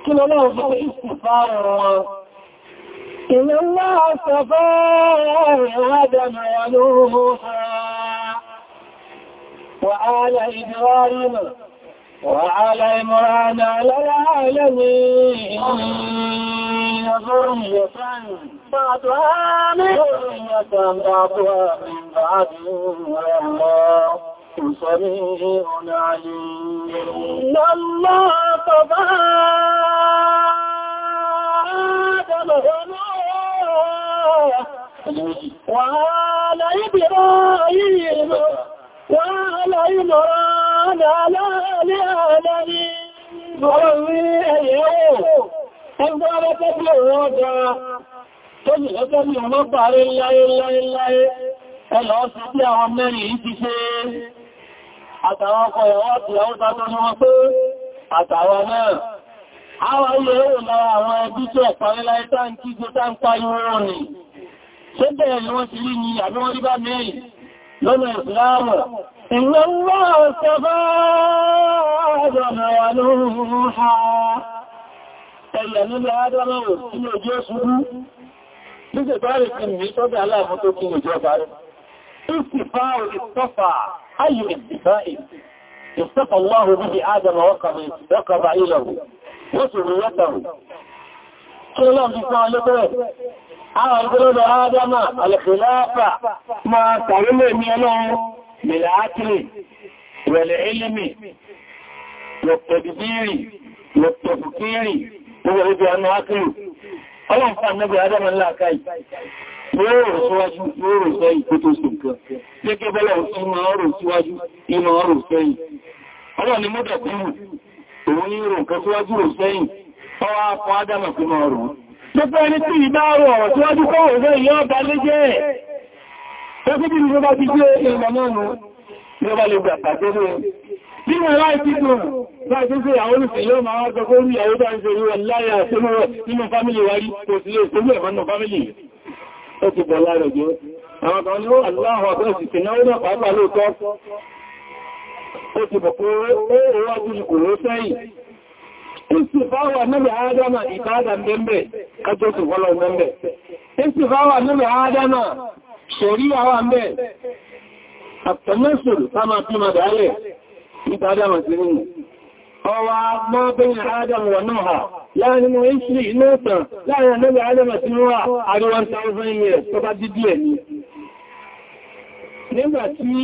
kí lọ́nà òfin ìsìnfà wọn إن الله اصطفى آدم ونوحا وآل إبراهيم وعلى إمران على العالمين ذرية بعضها من ذرية بعضها من بعض والله سميع عليم الله طبعا آدم ونوحا وعلى إبراهيم وعلى إمران على العالمين ضروري أيوه ẹgbẹ́ ọlọ́pẹ́ bí òun ọjà tó ní ẹgbẹ́ ní ọmọ parí láyé láyé láyé ẹlọ sí bí àwọn mẹ́rin yìí ti ṣe àtàwọn ọkọ̀ ẹ̀wọ́ àti àwọn tàbí ọmọ pé àtàwọn náà Àwọn ilé ẹ̀rọ lára àwọn ẹbí tó ọ̀parí láyé táǹkì tó táǹkà yóò rìn. Ṣé bẹ̀rẹ̀ ni wọ́n ti rí ni àbí wọ́n rí bá mẹ́rin lọ́nà ìsìláàmù. Ìwé wá ọ̀sọ̀bá ọ̀dọ̀nà wà lóòrùn ha. Ẹ̀yẹ̀ nílẹ̀ Ádámà ò sí ojú ṣubú. Nígbẹ̀ bá rí kí ní tọ́bẹ̀ aláàmú tó kí ìjọba rẹ̀. Ìsìfá ò ìsọ́fà, ayò ìsìfá ì Àwọn ìgbẹ́lọ́dọ̀ Ádámà, Alìkìláàfà, máa tàrílẹ̀ ní ọlọ́run, Mìlàákìlì, Rẹ̀lẹ̀ Ilimi, Lọ̀pẹ̀dìbírì, Lọ̀pẹ̀bùkírì, Gbogbo ibi ọmọ Ákìlù. Ọlọ́run fún àmẹ́gbẹ̀ Ádámà ńlá káì. Yóò rò síwájú, yóò rò sẹ́yìn kó tó sì nǹkan òun yí rò nǹkan síwájú rò sẹ́yìn ọwá fún ádámà fún ọrùn gbogbo ẹni tí ìdáàrò ọ̀rọ̀ síwájú kọ́ òun yọ́ ọ̀gá lé jẹ́ ẹgbẹ́ bí ìjọba ti gbé ìrìnà náà nù ìjọba lè gbà pàtẹ́rẹ́ nínú láì tí dùn láì tí sí àwọn olùfẹ́ yóò máa wá gbogbo orí àwọn bá ń ṣe ìwọ̀n láyé àṣẹ́mọ́rọ̀ nínú fámílì ó ti bọ̀ pé ó wájú ni kò ró sẹ́yìn Ìsìfáwà nílẹ̀ Ádámà ìbádà mẹ́mẹ́ kájọ́ sí fọ́lọ̀ mẹ́mẹ́. Ìsìfáwà nílẹ̀ Ádámà ṣẹ̀rí àwà mẹ́. Àtàmẹ́sùn ká máa fi máa dálẹ̀ ìbádàmà sí nínú. Ọwà mọ́ bẹ́yìn Ádámà wà náà láàrin mọ́ ìṣìrí inú ọ̀tàn láàrin nílẹ̀ Ádámà sí wà àríwá 1000 years Nígbà tí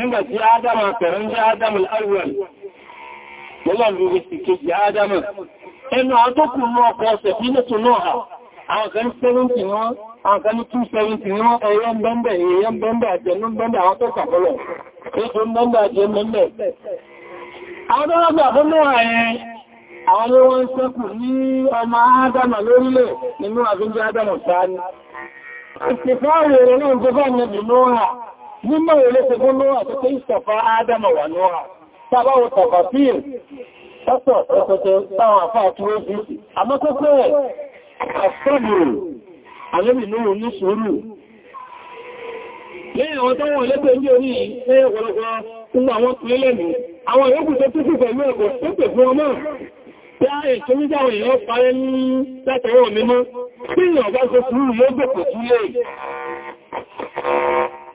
nígbàtí ádámà pẹ̀rẹ̀ ń jẹ́ ádámà al'awwal lọ́lọ́rùn orí ti kejì ádámà ẹnu àtọ́kù náà kọ́ ọ̀sẹ̀ tí ní tún náà àwọn kan 70 wọn àwọn kan 270 wọn ẹ̀yọ́ bẹ́m̀bẹ̀ èèyàn bẹ́m̀bẹ̀ àjẹ̀nú bẹ́m̀bẹ̀ àwọn tó kàkọlọ̀ ètò bẹ́m̀bẹ̀ àjẹ́ bẹ́m̀bẹ̀ àwọn tó rọ́gbà fún náà ẹ̀yẹn sẹ́kù ní ọmọ ádámà lórílẹ̀ nínú àfíjẹ́ ádámà sáà ni ìsìnkú àwòrán náà tó fẹ́ mímọ̀ olóko fún ló àti pé ìsọ̀fà ádámà wà níwà tàbá o tàbà fíìl tọ́tọ̀ ẹ̀tọ̀tọ̀ táwọn àfáà tí ó fi àmọ́ ẹ̀ ọ̀fẹ́bùrù alẹ́mìnú ní sùúrù tí àwọn èèyàn parẹ́ ní látẹ̀wọ̀ mímọ́ tí ìyàn bá ṣe sùúrù yóò gbẹ̀kọ̀ sílẹ̀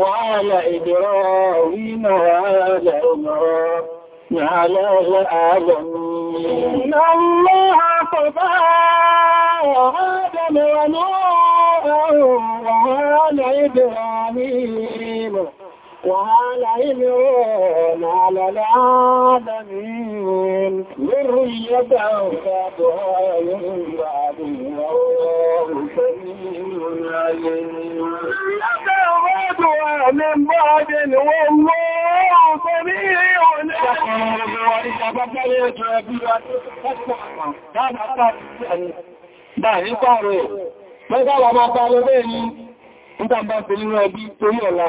وعلى إبراهيم وعلى إبراهيم على العالمين إن الله قضى وآدم ونوعه وعلى إبراهيم وعلى عمران على العالمين ذرية أولادها من بعد وهو سميع عليم أولادها من بعد والله سميع Báyìí pààrọ̀, mẹ́ta wà máa pààrọ̀ bẹ́ẹ̀ ni, ń tàbí ẹgbẹ́ torí ọ̀la.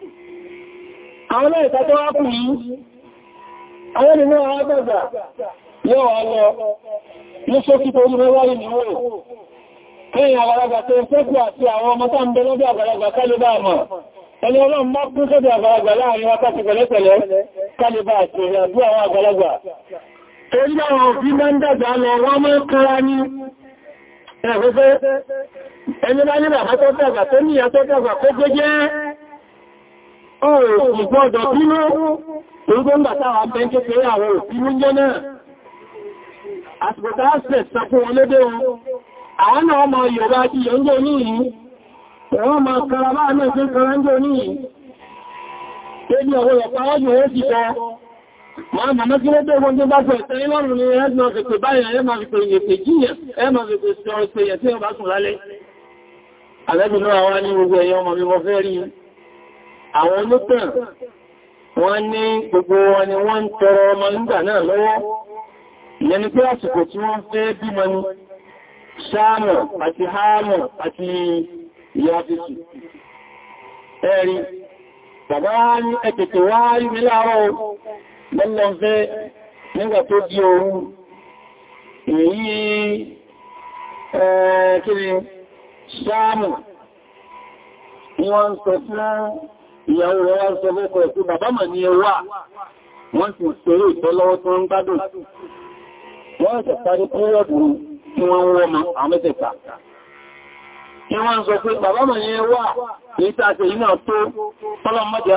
àwọn mẹ́ta tó wá kù yìí àwọn ìlú àwọn agbẹ́gbà yóò wà lọ ní ṣókí tó ní mẹ́wàrí ní wọ́n kíyàn àgbàlagbà tó ń fẹ́kù àti àwọn ọmọ tán bẹ lọ́dọ̀ àgbàlagbà kálébà mọ̀ ẹni ọlọ́run bá kún sọ́dọ̀ àgbàlagbà láàrin wákàtí pẹ̀lẹ́pẹ̀lẹ́ kálébà àti ìrìnàjò àwọn àgbàlagbà tó ń bá wọn òbí máa ń dàgbà lọ wọ́n mọ́ kára ní ẹ̀fẹ́fẹ́ ẹni bá ní bàbá tó dàgbà tó níyà tó dàgbà kó gbé jẹ́ òòrùn gbọ́dọ̀ bínú orúgbó ń gbàtàwà bẹ́ńkẹ́ pé àwọn òbínú jẹ́ náà àsìkòtà access sọpọ̀ wọn lédé wọn àwọn náà ma yọ̀rọ̀ àti yọ̀njẹ́ oníyìí wọ́n ma karabá náà tó karanjẹ́ oníyìí tó ní ọwọ́ yọ̀pá ọjọ́ ó sì kọ́ ma mọ̀mọ́ kí lédé wọn tó bá fẹ́ ìtẹ́ ìlọ́rùn ní ẹgbẹ̀rún fẹ̀pẹ̀ báyìí ẹ̀mà fẹ̀pẹ̀ ìyẹ̀pẹ̀ jíyàn ẹ̀mà fẹ̀pẹ̀ sọ̀rọ̀ àwọn onítàn wọ́n ní gbogbo wọn ni wọ́n ń tọrọ ọmọ nígbà náà lọ́wọ́ ìyẹn ni pé àsìkò tí wọ́n fẹ́ bímọ ni ṣáàmù àti háàmù àti ìyá fífì ẹ̀rí bàbá ní ẹ̀tẹ̀tẹ̀ wá rí mi láàárọ̀ lọ́lọ́fẹ́ nígbà tó di òru èyí ìyàwó rẹ̀ wá sọ fọ́kọ̀ ẹ̀kú bàbá mà ní ẹwà wọ́n sì ṣeré ìtọ́lọ́wọ́ tó ń gbádùn wọ́n sì parí pírọ̀dù tí wọ́n wọ́n mọ́ àwọn kí wọ́n sọ pé bàbá mà ní ẹwà èyí tá iná tó ọlọ́mọdé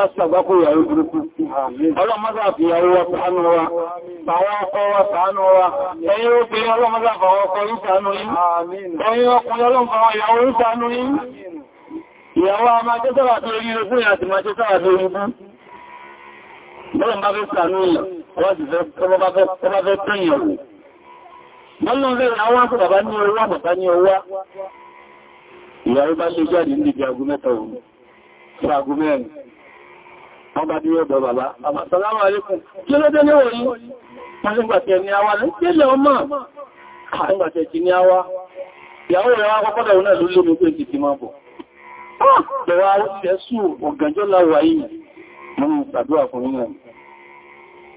wa wa ọkọ ìyàwó a máa jẹ́ sọ́wà tó rí ogún àti máa jẹ́ sọ́wà tó rí ogún bọ́lọ̀ bá fẹ́ sàánú ìyàn wọ́n sì fẹ́ tó ìyàwó bọ́lọ̀ fẹ́ àwọn àti bàbá ní owó àbàbá ní owó ìyàwó bá lè jáde ní ibi agun mẹ́ta òun sí agun mẹ́rin wọ́n bá dúró ọ̀dọ̀ bàbá àbàtàláwà alékùn kí ló dé níwòrí wọ́n sì gbàtẹ̀ ní àwá lẹ́lẹ̀ ọmọ àgbàtẹ̀ ti ní àwá ìyàwó rẹ̀ wá kọ́kọ́dọ̀ Lọ́wọ́ ẹ̀ṣù ọ̀gànjọ́ láwà yìí, mo ń ṣàdúrà fún yín náà.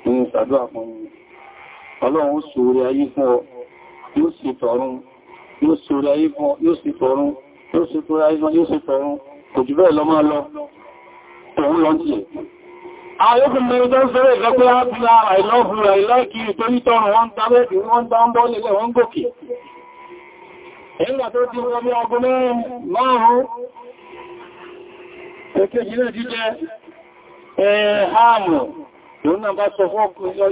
Mo ń ṣàdúrà fún yín. Ọlọ́run sórí ayé fún ọ, yóò sì tọ̀run, yóò sórí ayé fún ọ, yóò sì tọ̀run, yóò bẹ́ẹ̀ lọ máa lọ, tọ̀run lọ ti Ẹgbà tó ti wọ́n bí agbọ́mẹ́rin márùn-ún Èkejì náà jíjẹ́ ẹ̀háàmù, ìhun náà bá sọ fún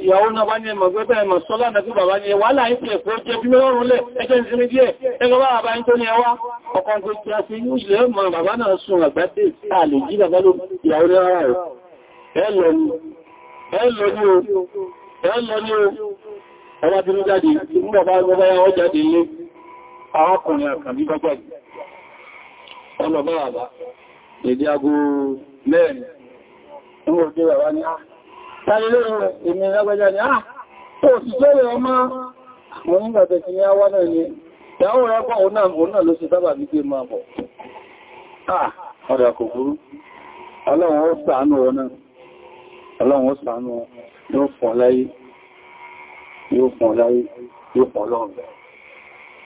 ìyàwó náà bá ní ẹmọ̀ gbẹ́bẹ̀ ẹmọ̀ sọ́lá náà bí bàbá ní ẹwà láì pẹ̀ pẹ̀ jẹ́ bí mẹ́rọ̀rún lẹ̀ ẹjẹ́ ìsinmi díẹ̀ ẹgbẹ́ bá bàbá ń tó ní ẹwà ọkàn tó kí a sí ní ìṣẹ́ mọ̀ bàbá náà sùn àgbàtẹ́ àlè jí bàbá ló ìyàwó náà rẹ̀ ẹlọ ni ẹlọ ni o ẹlọ ni o ọba tí ó jáde mú bàbá gbọ́bá yàwó jáde ilé arákùnrin àkàbí bá jáde ọlọ̀bá bàbá èdè agbó mẹ́rin ní òjò wà ní àà tàbí lórí ní àà tó òṣìṣẹ́ rẹ̀ ọmọ ah, àwọn nígbàtẹ̀ ti ní àwá náà ni rẹ̀ pọ̀ òun náà ló ṣe sábà bí pé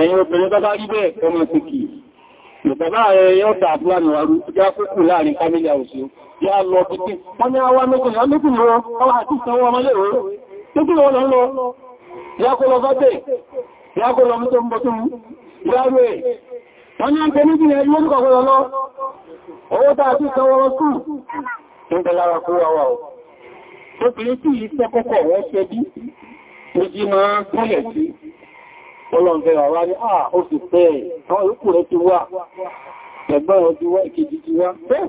ẹ̀yin obìnrin bá bá rí bẹ́ẹ̀ ọmọ ìsìnkì ìbàbá rẹ̀ yóò dà fúlànà wárú já kúkù láàrin kámílì àwòsí yá lọ pípín wọ́n ní àwọn mẹ́kùnlá mẹ́kùnlá ọwọ́ àti ìsanwó ọmọlẹ́ òórùn tó kí wọ́n lọ yá kó lọ bá bẹ́ẹ̀ yá kó lọ mú tó ń bọ́ tó mú yá rẹ̀ wọ́n ní àǹkẹ́ níbi ẹ̀rí a ti sanwó ọmọ skú ń bẹ lára kó wà wà ó obìnrin tí yìí sẹ́kọ́kọ̀ wọ́n ṣẹbí ojú máa ń kúnlẹ̀ sí ọlọ́nfẹ́ wà ní àà ah, ó sì pẹ́ ẹ̀ àwọn ìrúkù rẹ̀ ti wá ẹ̀gbọ́n rẹ̀ ti wá ìkejì ti wá bẹ́ẹ̀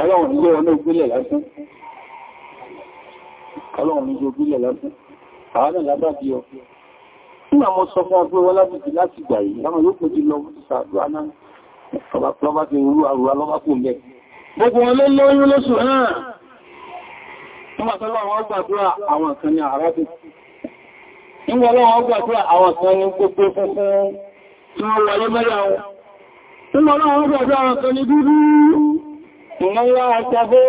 ọlọ́run ní ọ̀nà ògbílẹ̀ lásán ọlọ́run ní ògbílẹ̀ lásán àwọn ìlàbá bí ọ nígbà mọ́ sọ fún ọgbẹ́ wọ́n lábìtì láti gbà yìí àwọn ìrúkù ti lọ sàdúrà náà ọba ti rú àrùwá lọ́bá kò mẹ́ gbogbo wọn Nígbà ọlọ́wọ́ ọgbà tó àwọn kan ní gbogbo funfun tí wọ́n wọlé mẹ́lá wọn. Nígbà ọlọ́wọ́ ọgbà tó àwọn kan ní dúdú. Ìnáwó ọ̀tàbẹ́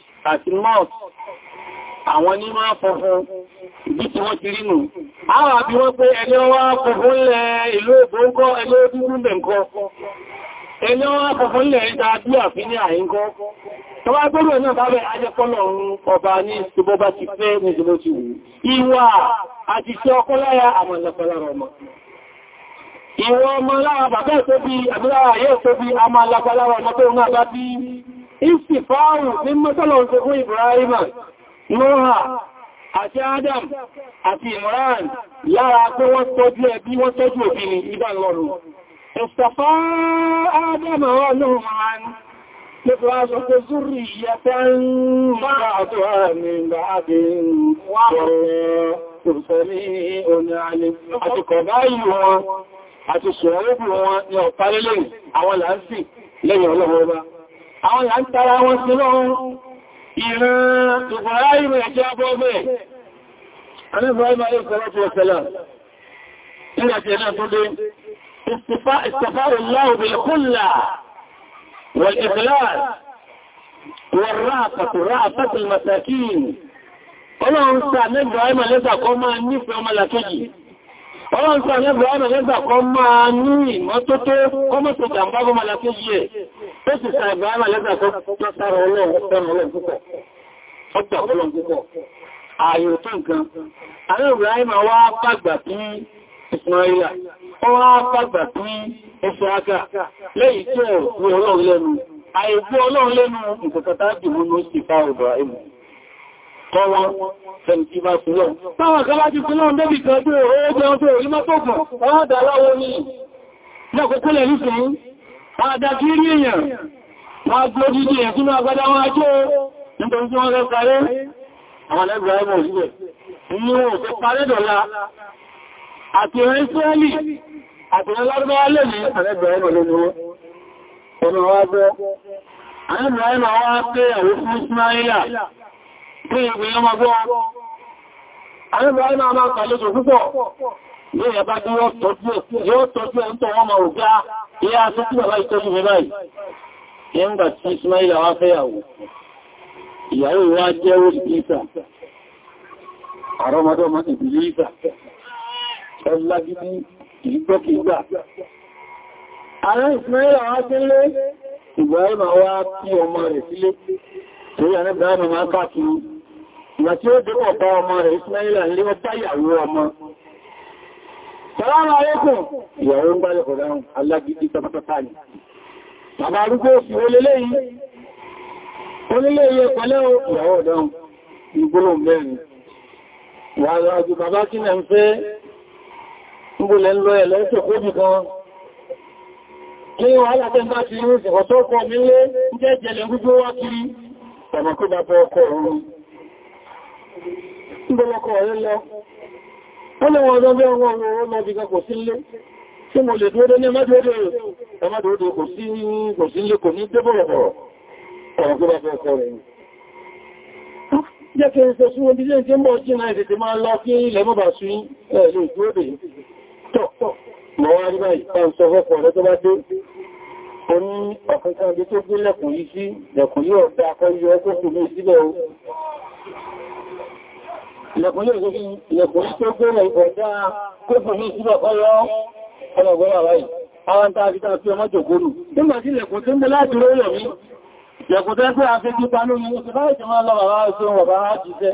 àti mouth àwọn ní máa fọ̀fún bí tí wọ́n ti rí nù. Àwọn àbí wọ́n pé ẹni wá fọ̀fún lẹ ìlú ògbóǹkọ́ ẹni ó dúdú bẹ̀ǹkọ́. Ẹni wá fọ̀fún lẹ ìta bí àfin ní àyíkọ́. Tọwà gbọ́rọ̀ náà bá bẹ́ ajẹ́kọ́lọ̀ ọba ní ṣubọ́ bá ti fẹ́ ní ṣubọ́ ti wù. Ìwà àti ṣe ọkọ́ láyá àmọ̀ ìlẹ̀kọ́lára ọmọ. Ìwọ ọmọ lára bàbá ìtóbi àbúrà ayé ìtóbi a máa lápalára ọmọ tó ń náà bá bí ìsìfáàrùn ní mọ́tọ́lọ̀ ṣe fún Ibrahim Noha àti Adam àti Imran lára pé wọ́n tọ́jú ẹbí wọ́n tọ́jú òbí ni ìdánlọ́rù ìsàfá Adam wà náà máa ń Nípa aṣọ tó zúrí ìyẹta ń bá àtọ́ àmì ìgbà àbí wọ́n òṣèrí wọn, ni ọ̀pá àwọn làásì lẹ́yìn ọlọ́wọ́ bá àwọn ìyà ń tara wọn sí lọ́run ìran ìgbòrá ìrìn ẹ̀jẹ́ ọgbọ́gbẹ̀ Àníbàáyìmá yóò fẹ́rẹ́ tó ọ̀sẹ̀lá. Ìrìnàjì ẹ̀nà tó dé, ìsìfà ìlàwò bí kúlà, wọ̀l ìfìláàrì, wọ̀n ráàpàtù ráàpàtù màtàkì. Ọlọ́run sà nígbàáyìmá lẹ́sà kọ́ máa nífẹ̀ẹ́ ọmọlàkejì ọlọ́pàá lẹ́bàá lẹ́gbà kọ máa ní ìmọ́tótó kọmọ́tò jàmbá gọmọ lákéjì ẹ̀ tó sì sa ìbára lẹ́gbà tó sára ọlọ́run púpọ̀ ààyò tó nǹkan àwọn ìbìráìmà wá pàgbà tí ìsìnàílà ó wá pàgbà tí ẹsẹ̀ aka lẹ́yìn tí ẹ̀ kọ́ wọn fẹ́ni tí bá fi lọ́n. Táwọn kan bá ti fi lọ́n débì kan bí owó jẹun tó rí mọ́tòkùn, wọ́n dà láwọ ní lọ́kọ̀kọ́lẹ̀ nífẹ̀ẹ́ wọ́n dá kí rí èèyàn, wọ́n gbó dídí ẹ̀ sínú agbádá wọn ajó nítorí tí wọ́n rẹ̀ parẹ́. Àwọn ẹgbẹ̀rẹ̀ ẹgbẹ̀rẹ̀ òṣìṣẹ́ ni wọ́n fẹ́ parẹ́ dọ̀la àti ẹ̀rẹ́ Ísírẹ́lì àti ẹ̀rẹ́ lárúbáwá lẹ́yìn àrẹ́gbẹ̀rẹ̀ ẹgbẹ̀rẹ̀ lónìí. Ọ̀nà wá bọ́. Àrẹ́gbẹ̀rẹ̀ ẹgbẹ̀rẹ̀ wá pé àwọn fún Ismaila ní obìnrin ọmọ gbọ́ àríwá iná máa pàlejò púpọ̀ ní ẹ̀bá bí yóò tọ́jú ẹ̀ ń tọ́ wọn ma ò gá ah, ilé aṣọ́ tí bàbá ìtọ́jú mi báyìí nígbà tí Ismaila wá fẹ́yàwó ìyàwó wá jẹ́ òṣìṣà àrọ́mọdọ́ ọmọ ìbìlì ìgbà ọlágídí ìgbọ́kígbà ààrẹ Ismaila wá sílé ìgbà ẹ̀mà wá kí ọmọ rẹ̀ sílé torí àrẹ́bìnrin máa káàkiri ìgbà tí ó dẹ́kọ̀ ọ̀pá ọmọ rẹ̀ Ismaila ní ọpá ìyàwó ọmọ Salamu alaikum ìyàwó ń gbálẹ̀ ọ̀dáhùn alágídí tọ́pátọ́pá ni bàbá arúgbó fi olélé yìí olélé yìí pẹ̀lẹ́ ìyàwó ọ̀dáhùn ìgbóló mẹ́rin wà láàájú bàbá kí nẹ̀ ń fẹ́ ń bá ti rí ìsìnkọ̀ tó kọ́ mi ń jẹ́ jẹ́lẹ̀ gbogbo wá kiri tàbí ọkọ̀ òun ìbọ̀lọ́kọ̀ rẹ̀ lọ wọ́n lọ́wọ́ ọjọ́ bí ọwọ́ ọmọ ọmọ bí kò sí lé tí mo lè dúró ní ẹmọ́dúró ẹmọ́dúró kò sí kò sí lé kò ní débọ̀rọ̀bọ̀rọ̀ ọ̀rọ̀ tó bá fẹ́ ọkọ̀ rẹ̀ jẹ́ kí n sọ sí wọn bí jẹ́ mọ́ jí náà ìdẹ̀tẹ̀ máa lọ kí ilẹ̀ mọ́bà sí ẹ̀lú ìdúródè tọ́ mọ́ wá rí báyìí tó gbé lẹ́kùn yìí sí lẹ́kùn yóò dá akọ́ yọ ọkọ̀ kù ìsílẹ̀ ilẹ̀kùn lè rí ilẹ̀kùn tó gbẹ̀rẹ̀ ọ̀dá kókò ní sílẹ̀ tí ilẹ̀kùn tí láti rẹ̀ rẹ̀ mí ilẹ̀kùn tó ẹgbẹ́ afẹ́ gbípa lórí oṣù báyìí tí wọ́n lọ bàbá oṣù bàbá jíṣẹ́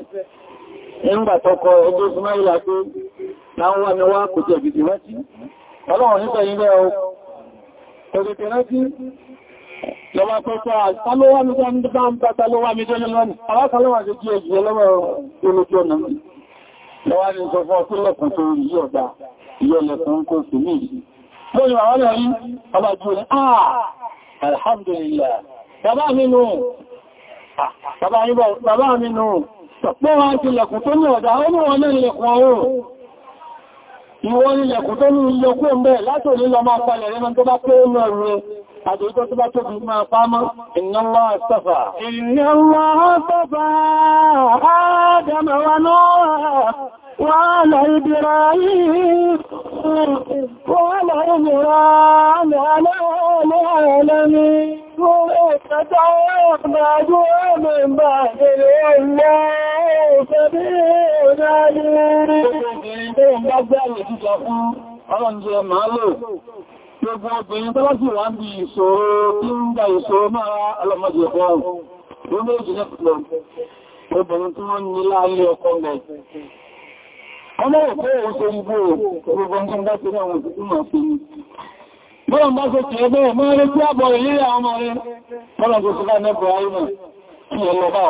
nígbà tọkọ ọjọ́ lọ́wọ́ pẹ́pẹ́ àtàlówà mi jẹ́ ní bá ń bá tàlówà mi jẹ́ lọ́nà alákàlówà jẹ́ kí ẹgbẹ̀ lọ́wọ́ olójú ọ̀nà mi lọ́wọ́ ni sọ fún ọkùnlẹ̀kùn tó rí ọ̀dá ìyọ́lẹ̀kùn kò sí ní ìsìn lórí àwọn ọ̀rẹ́ ọbájú rẹ̀ àà alhamdulillah bàbá mi nù bàbá mi nù pọ́ wá ti lẹ̀kùn tó ní ọ̀dá ó ní wọn lẹ́rin lẹ̀kùn ọ̀rọ̀ ìwọ́n ni lẹ̀kùn tó ní ilẹ̀kùn bẹ́ẹ̀ látò nílọ máa palẹ̀ rẹ̀ tó bá pé ó lọ rẹ̀ àdójọ́ tó bá tóbi máa fámọ́ iná máa sọ́fà. Iná máa sọ́fà Ádámà wa náà wà láì bèèrè yìí wà láì bèèrè aláàlẹ́ẹ̀lẹ́mí Ọlọ́run jẹ́ màálù gbogbo obìnrin tó lọ́sí wà ń bí ìṣòro tí ń gba ìṣòro máa ọlọ́mọdé ọ̀pọ̀ ọ̀rùn ló méjì lẹ́pùlọ̀ obìnrin tí wọ́n ní láàrin ọkọ rẹ̀ ọmọ òpó òun ṣe igbó gbogbo ọdún bá ti ráwọn òkú mọ̀ sí ni bọ́n bá ṣe kìí bẹ́ẹ̀ mọ́ rí tí àbọ̀ ìlérí àwọn ọmọ rẹ̀ mọ́nà tó ti bá nẹ́bọ̀ ayé náà kí ẹ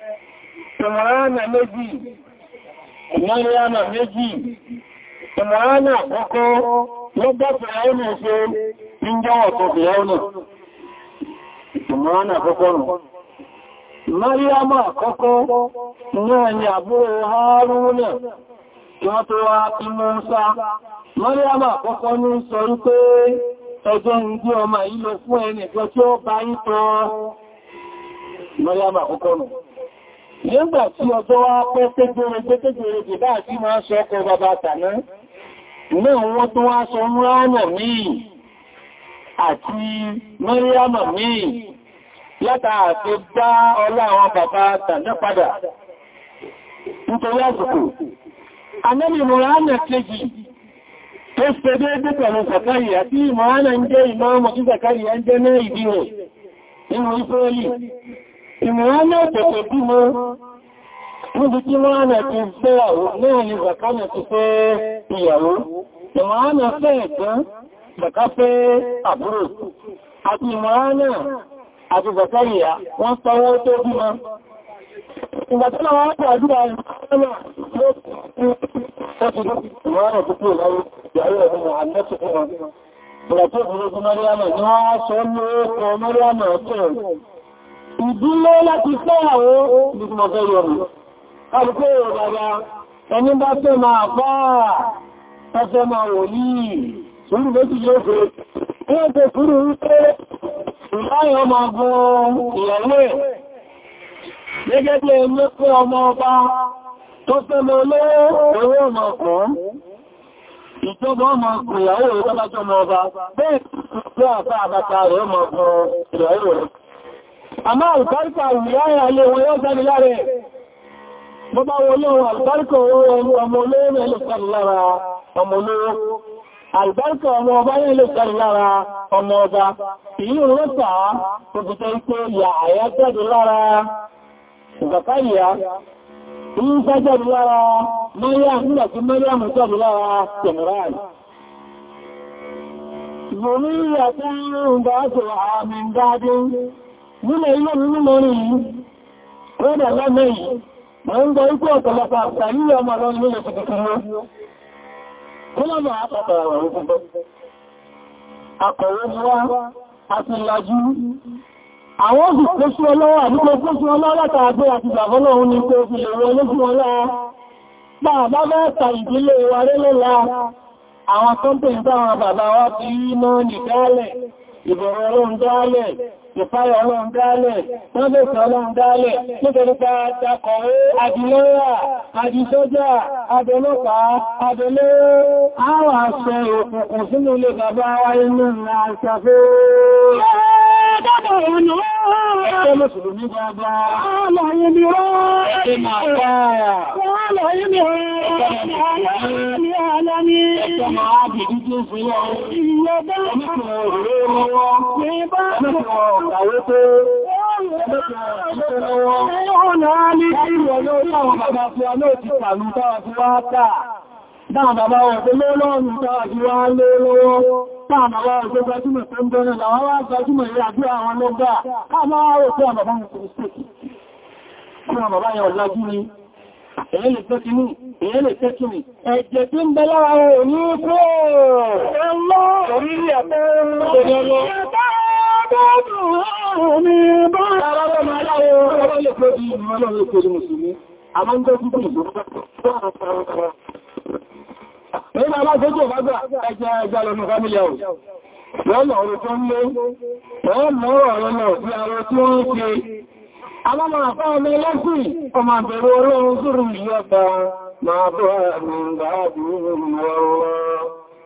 ìmọ̀ránà méjì ìmọ̀ránà méjì ìmọ̀ránà ọkọ̀ lọ́gbọ́fẹ̀ ẹ̀rùn ṣe ń jọwọ́ tọ̀fẹ̀ ẹ̀rùn ìmọ̀ránà kọ́kọ́rùn Mariama kọ́kọ́ náà ni àbúrò Haruna kí wọ́n tó wá tí kọ́kọ́ ní sọ wípé ẹjọ́ ń gbé ọmọ yìí fún tí ó Mariama kọ́kọ́ Nígbà tí ọjọ́ wá pẹ́ tẹ́gbẹ̀rẹ̀ gbẹ́tẹ́gbẹ̀rẹ̀ jù bá sí máa sọ ọkọ̀ bàbá tàná, náà wọ́n tó wá sọ Ránà míì àti Mẹ́ríàmà míì látà àti bá ọlá àwọn bàbá tàná padà. Nítorí àsìkò, anẹ́lì Ránà kejì tó ṣe déédé pẹ̀lú Zakariya tí Ránà ń jẹ́ ìmọ́ ọmọ tí Zakariya ń jẹ́ náà ìdí rẹ̀ nínú Ísírẹ́lì ìmọ̀ràn náà tẹ̀tẹ̀ bí mo níbi tí mọ́rànà ti gbéyàwó náà ni bàkánà ti fẹ́ ìyàwó ìmọ̀rànà fẹ́ ẹ̀tán bàká fẹ́ àbúrò àti ìmọ̀rànà àti bàkáyà wọ́n pọ́wọ́ tó bí ma ìgbàtọ́nà wọ́n pọ̀ àdúrà ìmọ̀rànà tó kúrò láyé ìyàwó ẹ̀rùn àmẹ́tù fún wọn ìdílé láti fẹ́yàwó ìgbìmọ̀fẹ́ yọrù. Àrùkú èrò bàbá, ẹni bá fẹ́ máa fáà, ẹfẹ́ máa wò yìí, sùúrù méjì yóò fẹ́. Ẹgbẹ́ fẹ́ fúrú wípé ìláyọ̀ máa gún ìyàwó ẹ̀. Gẹ́gẹ́ bí ẹni pé ọmọ ọba tó fẹ́ mọ olówó owó ọmọ ọkùn. Ìjọba ọmọ ìyàwó rẹ̀ tọ́bájọ́ ọmọ ọba, bẹ́ẹ̀ tó àbá àbáta rẹ̀ ọmọ ìyàwó rẹ̀ àmá àlùbáríkà ìyáyà ilé wọn yóò jáde láre bọ́bá wọlé wọn àlùbáríkà ọmọ olóòrùn lè sàrì lára ọmọ olóòrùn àlùbáríkà ọmọ ọba yẹn lè sàrì lára ọmọ ọba ìyí rọ́ta òkùtẹ́ ipé ìyà àyà jáde lára ìgbàká ìyà ìyí jáde lára mẹ́ríà nígbàtí mẹ́ríà mú lára nílẹ̀ ilé mi nílẹ̀ orí yìí rọ́dà lọ́nà yìí ma ń gọ ikú ọ̀pọ̀lọpọ̀ àpàlú ọmọ lọ nílẹ̀ àwọn òsì tó sí ọlọ́wọ́ àdúgbò tó sí ọlọ́wọ́ látàgbé àti ìgbàfọ́lọ́hun ní kó fi lè wọ́n lójú ọlọ́wọ́ bàbá mẹ́ta ìdílé wa lélọ́lá àwọn tó ń pè ń bá àwọn bàbá wa ti rí náà nìdálẹ̀ ìbọ̀rọ̀ ọlọ́run dálẹ̀ ìpáyà ọlọ́run dálẹ̀ wọ́n lè sọ ọlọ́run dálẹ̀ nítorí pàtàkọ̀wé adìlọ́yà adìsọ́jà adọlọ́pàá adọlẹ́rẹ́ àwọn aṣọ òkùnkùn sínú ilé bàbá wa inú ìrìn àṣàfẹ́ Ẹgbẹ́ Mùsùlùmí gbogbo. Àlàyé ni ó. Ẹgbẹ́ máa pààyà. Àlàyé ni ó. Àlàyé ni ó. Àlàní. Ẹgbẹ́ máa bìí tó fún ọ. Ìyẹ́ bá. Ẹmẹ́kùnrin òróró. Ìyẹ́ bá. Ẹmẹ́kùnrin òróró. Àwọn tó Dáwọn bàbá ọ̀pọ̀ lọ́lọ́rùn tàà fi wá lé lọ́wọ́, táà bàbá ọ̀pọ̀ gbajúmọ̀ tó ń bẹ̀rẹ̀ làwọn wá gbajúmọ̀ ìrìn àjú àwọn lọ́gbà, káà máa rò pé àbàbá mú kò sí. Kí wọ́n bàbá yẹn ọ̀lájú ni, èyí lè tẹ́kì ní, èyí lè tẹ́kì ní, ẹ̀jẹ̀ tí ń bẹ lára rẹ̀ ní kúrò. Ẹlọ́ Ẹgbẹ́ aláṣẹ́jú ọ̀gbágbà ẹgbẹ́ ẹgbẹ́ lọ́nà fámílì àwọn. Wọ́n lọ ọ̀rọ̀ tó ń lé, wọ́n mọ́ ọ̀rọ̀ lọ sí ara tí ó ń ṣe. Àwọn ọmọ àpá ọmọ ẹlẹ́sìn, ọmọ àbẹ̀rẹ̀ ọlọ́run sórùn ìyọ́ta máa bọ́ àmì ìgbà àbúrú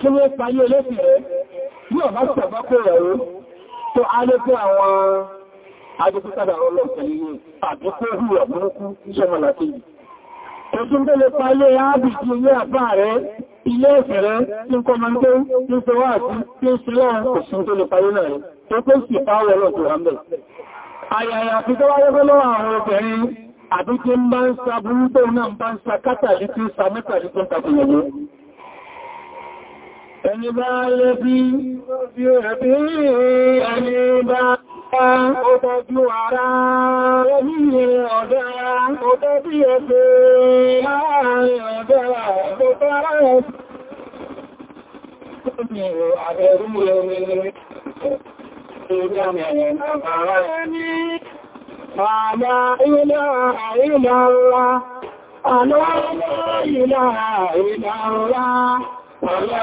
kí wọ́n payé olóṣìṣẹ́ bí ọ̀bá sọ̀bá kó ẹ̀rọ tó á lé fún àwọn adókútàdà ọlọ́pẹ̀lẹ̀ àdókó hùwà burúkú sọmọlàkejì tó tún tó lè payé ábìkì ilé àbá rẹ̀ ilé ẹ̀fẹ̀rẹ́ tí ń kọmọdé ní ṣe wá àti tí ó ṣe lọ́rùn kò sí tó lè payé náà rẹ̀ tó tó sì pàwọ̀ ọlọ́pẹ̀ wàmbẹ̀ àyàyà fi tó wáyé fẹ́ lọ́wọ́ àwọn obìnrin àbí tí ń bá ń sa burúkú náà ń bá ń sa kátàlí tí ń sa mẹ́tàlí tó ń tàbí ẹ̀yẹ ẹni bá lé bí ẹbí ẹni bá ó tọ́jú ara ẹni ọ̀dá ó tọ́jú ẹgbẹ́ láàrin ọ̀dá ọ̀dá Àmà ilá ìlà ọ̀rá, àlọ́ ilá ìlà ọ̀rá, Ọlá